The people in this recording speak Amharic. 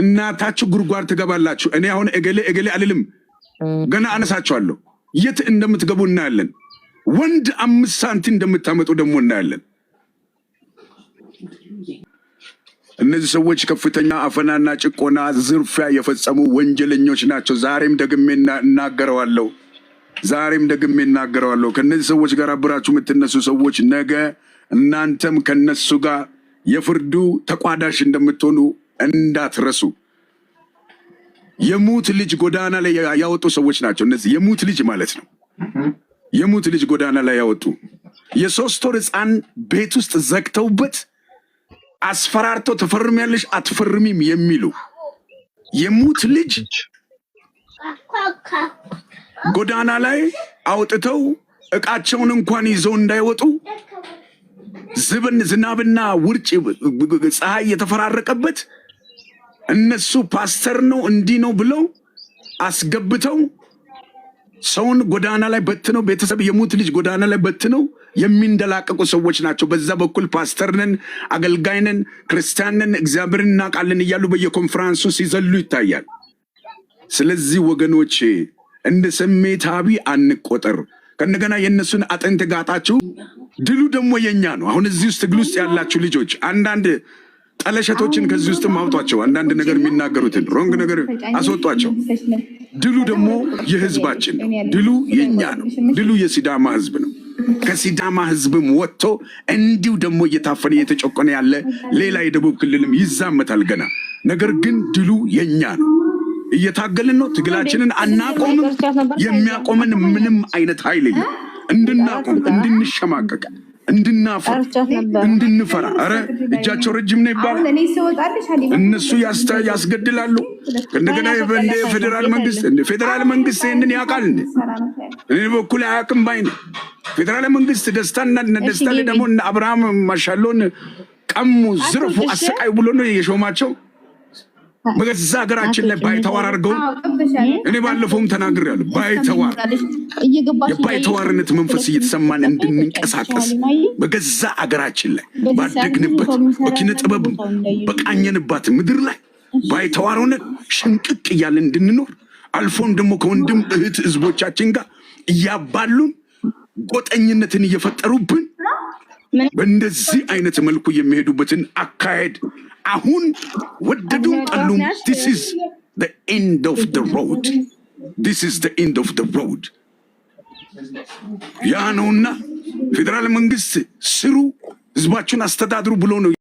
እናታችሁ ጉድጓድ ትገባላችሁ። እኔ አሁን እገሌ እገሌ አልልም፣ ገና አነሳችኋለሁ። የት እንደምትገቡ እናያለን። ወንድ አምስት ሳንቲ እንደምታመጡ ደግሞ እናያለን። እነዚህ ሰዎች ከፍተኛ አፈናና ጭቆና፣ ዝርፊያ የፈጸሙ ወንጀለኞች ናቸው። ዛሬም ደግሜ እናገረዋለሁ። ዛሬም ደግሜ እናገረዋለሁ። ከእነዚህ ሰዎች ጋር አብራችሁ የምትነሱ ሰዎች ነገ እናንተም ከነሱ ጋር የፍርዱ ተቋዳሽ እንደምትሆኑ እንዳትረሱ። የሙት ልጅ ጎዳና ላይ ያወጡ ሰዎች ናቸው እነዚህ። የሙት ልጅ ማለት ነው። የሙት ልጅ ጎዳና ላይ ያወጡ የሶስት ወር ህፃን ቤት ውስጥ ዘግተውበት አስፈራርቶ ትፈርሚያለሽ አትፈርሚም የሚሉ የሙት ልጅ ጎዳና ላይ አውጥተው እቃቸውን እንኳን ይዘው እንዳይወጡ ዝብን ዝናብና ውርጭ ፀሐይ የተፈራረቀበት እነሱ ፓስተር ነው እንዲህ ነው ብለው አስገብተው ሰውን ጎዳና ላይ በትነው ቤተሰብ የሙት ልጅ ጎዳና ላይ በትነው የሚንደላቀቁ ሰዎች ናቸው። በዛ በኩል ፓስተርንን አገልጋይንን ክርስቲያንን ነን፣ እግዚአብሔርን እናውቃለን እያሉ በየኮንፈራንሱ ሲዘሉ ይታያል። ስለዚህ ወገኖች እንደ ስሜታዊ አንቆጠር። ከእንደገና የእነሱን አጥንት ጋጣችሁ፣ ድሉ ደግሞ የኛ ነው። አሁን እዚህ ውስጥ ትግል ውስጥ ያላችሁ ልጆች አንዳንድ ጠለሸቶችን ከዚህ ውስጥ አውጧቸው። አንዳንድ ነገር የሚናገሩትን ሮንግ ነገር አስወጧቸው። ድሉ ደግሞ የህዝባችን ነው። ድሉ የኛ ነው። ድሉ የሲዳማ ህዝብ ነው። ከሲዳማ ህዝብም ወጥቶ እንዲሁ ደግሞ እየታፈነ እየተጨቆነ ያለ ሌላ የደቡብ ክልልም ይዛመታል ገና። ነገር ግን ድሉ የኛ ነው። እየታገልን ነው። ትግላችንን አናቆምም። የሚያቆመን ምንም አይነት ኃይል የለም። እንድናቆም፣ እንድንሸማቀቅ፣ እንድናፈር፣ እንድንፈራ። ኧረ እጃቸው ረጅም ነው ይባላል። እነሱ ያስገድላሉ። እንደገና እንደ ፌዴራል መንግስት ፌዴራል መንግስት ይህንን ያውቃል። እኔ በኩል አያውቅም ባይ ነው። ፌዴራል መንግስት ደስታና ደስታ ደግሞ አብርሃም ማሻሎን ቀሙ፣ ዝርፉ፣ አሰቃይ ብሎ ነው የሾማቸው። በገዛ ሀገራችን ላይ ባይተዋር አድርገው እኔ ባለፈውም ተናግሬያለሁ። ባይተዋር የባይተዋርነት መንፈስ እየተሰማን እንድንንቀሳቀስ በገዛ ሀገራችን ላይ ባደግንበት በኪነ ጥበብ በቃኘንባት ምድር ላይ ባይተዋር ሆነ ሽንቅቅ እያለን እንድንኖር አልፎም ደግሞ ከወንድም እህት ህዝቦቻችን ጋር እያባሉን ጎጠኝነትን እየፈጠሩብን በእንደዚህ አይነት መልኩ የሚሄዱበትን አካሄድ አሁን ወደዱም ጠሉም ዲስ ኢዝ ዘ ኤንድ ኦፍ ዘ ሮድ ዲስ ኢዝ ዘ ኤንድ ኦፍ ዘ ሮድ። ያ ነውና ፌዴራል መንግስት ስሩ፣ ህዝባችሁን አስተዳድሩ ብሎ ነው